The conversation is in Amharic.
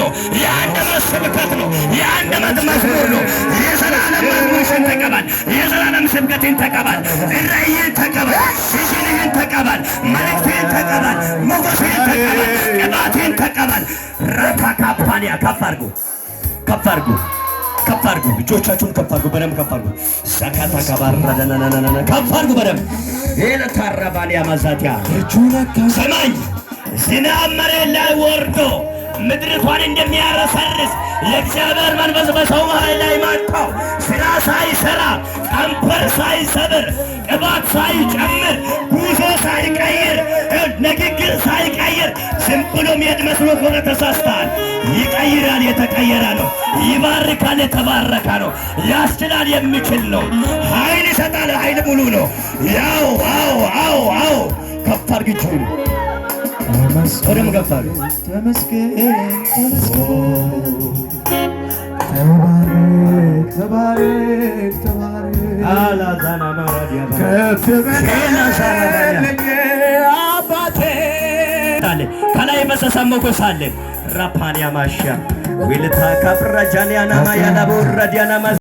ነው። የአንድ ስብከት ነው። የአንድ መዝሙር ነው። የዘላለም መዝሙርሽን ተቀበል። የዘላለም ስብከቴን ተቀበል። ራእይን ተቀበል። ሽሽንህን ተቀበል። መልእክቴን ተቀበል። ሞገሴን ተቀበል። ቅባቴን ተቀበል። ረታ ካፓንያ ከፍ አድርጉ፣ ከፍ አድርጉ፣ ከፍ አድርጉ። እጆቻችሁን ከፍ አድርጉ፣ በደንብ ከፍ አድርጉ። ሰካታ ከባረደናናናና ከፍ አድርጉ በደንብ ይለታረባን ያማዛቲያ ሰማይ ዝናብ መሬት ላይ ወርዶ ምድሪቷን እንደሚያረሰርስ የእግዚአብሔር መንፈስ በሰው መሃል ላይ መጣው። ስራ ሳይሰራ ቀንበር ሳይሰብር ቅባት ሳይጨምር ጉዞ ሳይቀይር ንግግር ሳይቀይር ዝም ብሎ መሄድ መስሎ ከሆነ ተሳስተሃል። ይቀይራል፣ የተቀየረ ነው። ይባርካል፣ የተባረከ ነው። ያስችላል፣ የሚችል ነው። ኃይል ይሰጣል፣ ኃይል ሙሉ ነው። ያው አዎ አዎ አዎ ከፍ አድርጊችሁ ወደም ገባሉ ከላይ በተሰማው እኮ ሳለ ራፓንያ ማሻ ዊልታ ካብራጃንያናማ ያዳቦ ረዲያናማ